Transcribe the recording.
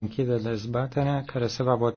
închide dezbaterea care se va vota.